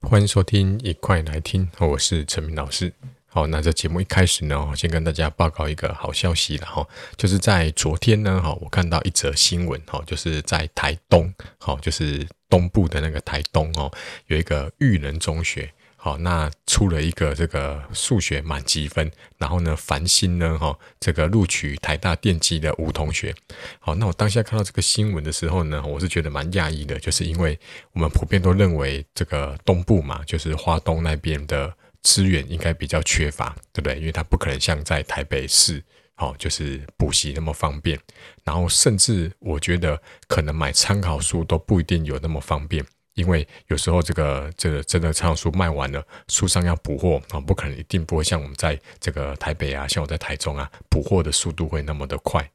歡迎收聽，一塊來聽，我是陳明老師。好，那這節目一開始呢，先跟大家報告一個好消息了哈，就是在昨天呢，哈，我看到一則新聞哈，就是在台東，好，就是東部的那個台東哦，有一個育人中學。好，那出了一個這個數學滿級分，然後呢，繁星呢，哈、哦，這個錄取台大電機的吳同學。好，那我當下看到這個新聞的時候呢，我是覺得蠻訝異的，就是因為我們普遍都認為這個東部嘛，就是花東那邊的資源應該比較缺乏，對不對？因為他不可能像在台北市，哦，就是補習那麼方便，然後甚至我覺得可能買參考書都不一定有那麼方便。因為有時候這個這個真的，參考書賣完了，書商要補貨啊，不可能一定不會像我們在這個台北啊，像我在台中啊，補貨的速度會那麼的快。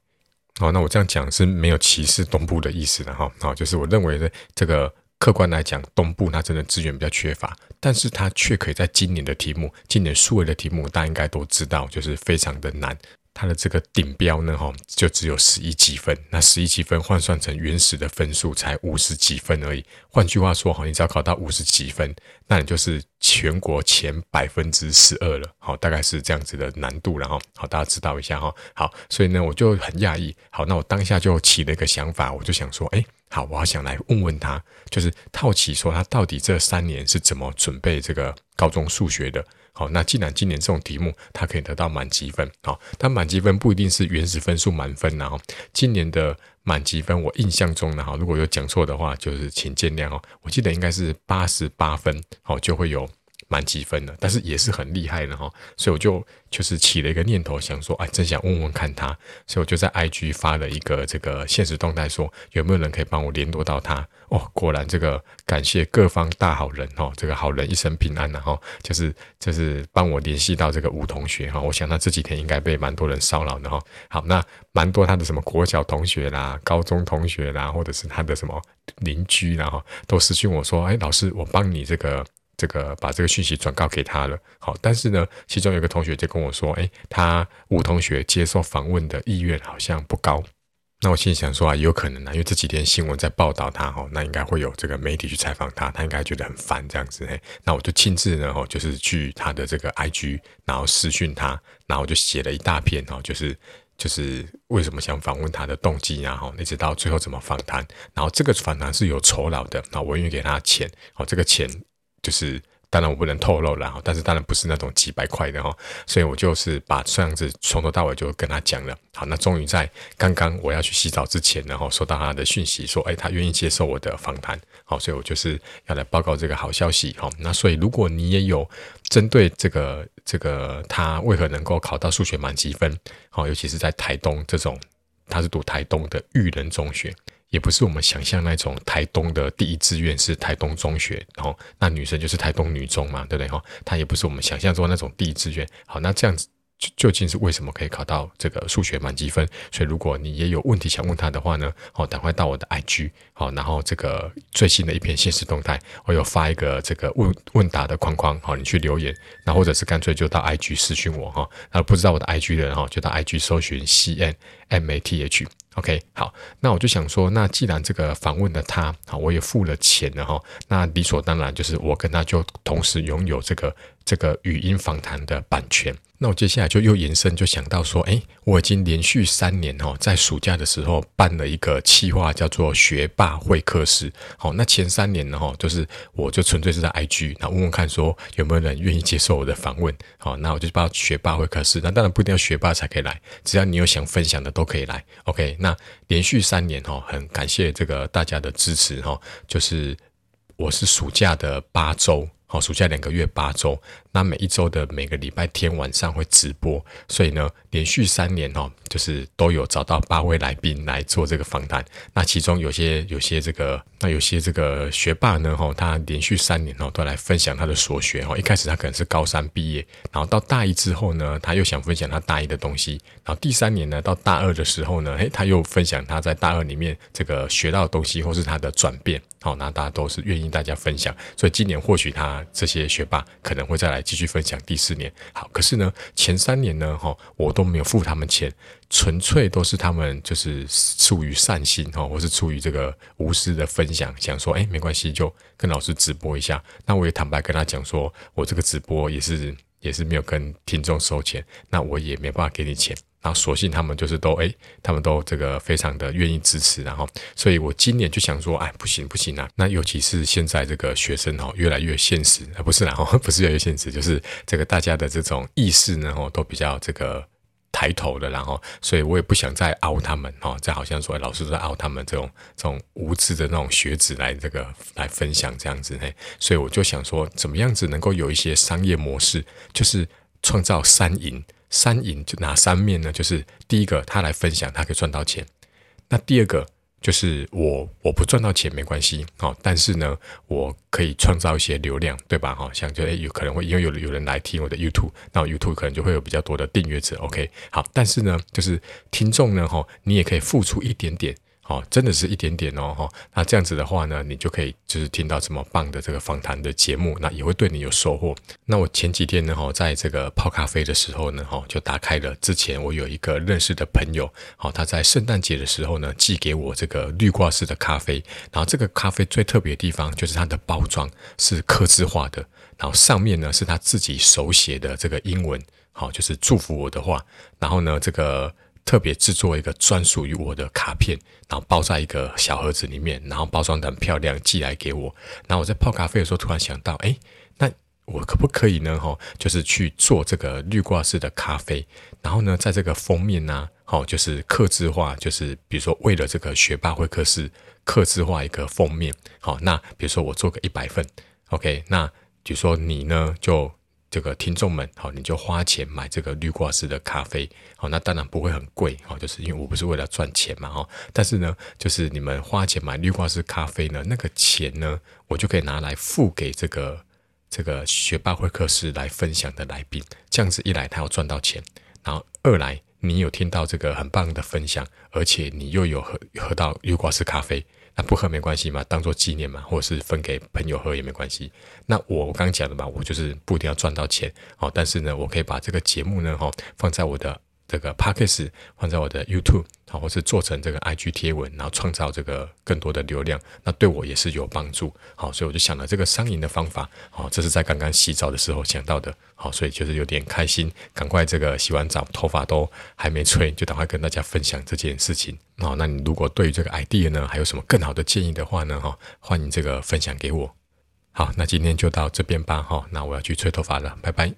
哦，那我這樣講是沒有歧視東部的意思的哈。哦，就是我認為呢，這個客觀來講，東部它真的資源比較缺乏，但是它卻可以在今年的題目，今年數 A 的題目，大家應該都知道，就是非常的難。他的這個頂標呢，哈，就只有十一級分，那十一級分換算成原始的分數才五十幾分而已。換句話說，哈，你只要考到五十幾分，那你就是全國前百分之十二了，好，大概是這樣子的難度，然後，好，大家知道一下哈。好，所以呢，我就很訝異，好，那我當下就起了一個想法，我就想說，哎。好，我好想來問問他，就是套起說他到底這三年是怎麼準備這個高中數學的？好、哦，那既然今年這種題目他可以得到滿級分，好、哦，但滿級分不一定是原始分數滿分呢、哦。今年的滿級分我印象中呢，如果有講錯的話，就是請見諒哦。我記得應該是八十八分，好、哦，就會有。滿級分的，但是也是很厲害的哈，所以我就就是起了一個念頭，想說，哎，真想問問看他，所以我就在 IG 發了一個這個限時動態說，說有沒有人可以幫我聯絡到他？哦，果然這個感謝各方大好人哦，這個好人一生平安，然後就是就是幫我聯繫到這個吳同學哈，我想他這幾天應該被蠻多人騷擾的哈。好，那蠻多他的什麼國小同學啦、高中同學啦，或者是他的什麼鄰居啦哈，都私訊我說，哎，老師，我幫你這個。這個把這個訊息轉告給他了，好，但是呢，其中有一個同學就跟我說，哎，他吳同學接受訪問的意願好像不高。那我心裡想說啊，有可能啊，因為這幾天新聞在報道他，那應該會有這個媒體去採訪他，他應該覺得很煩這樣子，那我就親自呢，就是去他的這個 IG，然後私訊他，然後就寫了一大篇，就是就是為什麼想訪問他的動機啊，然後一直到最後怎麼訪談，然後這個訪談是有酬勞的，那我願意給他錢，這個錢。就是當然我不能透露啦，但是當然不是那種幾百塊的哈，所以我就是把這樣子從頭到尾就跟他講了，好，那終於在剛剛我要去洗澡之前呢，然後收到他的訊息說，哎、欸，他願意接受我的訪談，好，所以我就是要來報告這個好消息哈，那所以如果你也有針對這個這個他為何能夠考到數學滿級分，好，尤其是在台東這種，他是讀台東的育人中學。也不是我們想象那種台東的第一志願是台東中學，然後那女生就是台東女中嘛，對不對？哈，她也不是我們想象中那種第一志願。好，那這樣子究竟是為什麼可以考到這個數學滿級分？所以如果你也有問題想問他的話呢，好、哦，趕快到我的 IG，好，然後這個最新的一篇限時動態，我有發一個這個問問答的框框，好，你去留言，那或者是乾脆就到 IG 私訊我哈。那不知道我的 IG 的人哈，就到 IG 搜尋 cmmath。OK，好，那我就想說，那既然這個訪問了他，好，我也付了錢了哈，那理所當然就是我跟他就同時擁有這個這個語音訪談的版權。那我接下來就又延伸，就想到說，哎、欸，我已經連續三年哦，在暑假的時候辦了一個企劃，叫做“學霸會客室”。好，那前三年呢哈，就是我就純粹是在 IG 那問問看，說有沒有人願意接受我的訪問。好，那我就報學霸會客室”。那當然不一定要學霸才可以來，只要你有想分享的都可以來。OK。那連續三年哈，很感謝這個大家的支持哈。就是我是暑假的八週，好，暑假兩個月八週。那每一周的每個禮拜天晚上會直播，所以呢，連續三年哦，就是都有找到八位來賓來做這個訪談。那其中有些，有些這個，那有些這個學霸呢，齁，他連續三年哦，都來分享他的所學哦。一開始他可能是高三畢業，然後到大一之後呢，他又想分享他大一的東西，然後第三年呢，到大二的時候呢，哎，他又分享他在大二裡面這個學到的東西，或是他的轉變。好，那大家都是願意大家分享，所以今年或許他這些學霸可能會再來。繼續分享第四年，好，可是呢，前三年呢，哦、我都沒有付他們錢，純粹都是他們就是出於善心，哈、哦，我是出於這個無私的分享，想說，哎，沒關係，就跟老師直播一下。那我也坦白跟他講說，我這個直播也是也是沒有跟聽眾收錢，那我也沒辦法給你錢。然後索性他們就是都哎、欸，他們都這個非常的願意支持，然後，所以我今年就想說，哎，不行不行啊！那尤其是現在這個學生哦，越來越現實啊、呃，不是然後，不是越來越現實，就是這個大家的這種意識然後，都比較這個抬頭的，然後，所以我也不想再凹他們哦，再好像說老師在凹他們這種這種無知的那種學子來這個來分享這樣子，嘿、欸，所以我就想說，怎麼樣子能夠有一些商業模式，就是創造三贏。三贏就哪三面呢？就是第一個，他來分享，他可以賺到錢。那第二個就是我，我不賺到錢沒關係，好、哦，但是呢，我可以創造一些流量，對吧？哈、哦，像就誒，有可能會因為有有人來聽我的 YouTube，那 YouTube 可能就會有比較多的訂閱者。OK，好，但是呢，就是聽眾呢，哈、哦，你也可以付出一點點。好、哦，真的是一點點哦，哈、哦。那這樣子的話呢，你就可以就是聽到這麼棒的這個訪談的節目，那也會對你有收穫。那我前幾天呢，哈、哦，在這個泡咖啡的時候呢，哈、哦，就打開了之前我有一個認識的朋友，好、哦，他在聖誕節的時候呢，寄給我這個綠掛式的咖啡。然後這個咖啡最特別的地方就是它的包裝是客製化的，然後上面呢是他自己手寫的這個英文，好、哦，就是祝福我的話。然後呢，這個。特別製作一個專屬於我的卡片，然後包在一個小盒子裡面，然後包裝得很漂亮，寄來給我。然後我在泡咖啡的時候，突然想到，哎，那我可不可以呢？哈、哦，就是去做這個濾掛式的咖啡，然後呢，在這個封面呢、啊，好、哦，就是客制化，就是比如說為了這個學霸會客室客制化一個封面。好、哦，那比如說我做個一百份，OK，那比如說你呢就。這個聽眾們，好，你就花錢買這個濾掛式的咖啡，好，那當然不會很貴，哈，就是因為我不是為了賺錢嘛，哈，但是呢，就是你們花錢買濾掛式咖啡呢，那個錢呢，我就可以拿來付給這個這個學霸會客室來分享的來賓，這樣子一來，他要賺到錢，然後二來，你有聽到這個很棒的分享，而且你又有喝喝到濾掛式咖啡。那不喝沒關係嘛，當做紀念嘛，或者是分給朋友喝也沒關係。那我剛剛講的嘛，我就是不一定要賺到錢，哦，但是呢，我可以把這個節目呢，哦，放在我的。這個 Podcast 放在我的 YouTube，或是做成這個 IG 貼文，然後創造這個更多的流量，那對我也是有幫助，好，所以我就想了這個雙贏的方法，好、哦，這是在剛剛洗澡的時候想到的，好，所以就是有點開心，趕快這個洗完澡，頭髮都還沒吹，就趕快跟大家分享這件事情，好，那你如果對於這個 idea 呢，還有什麼更好的建議的話呢，哈、哦，歡迎這個分享給我，好，那今天就到這邊吧，哈、哦，那我要去吹頭髮了，拜拜。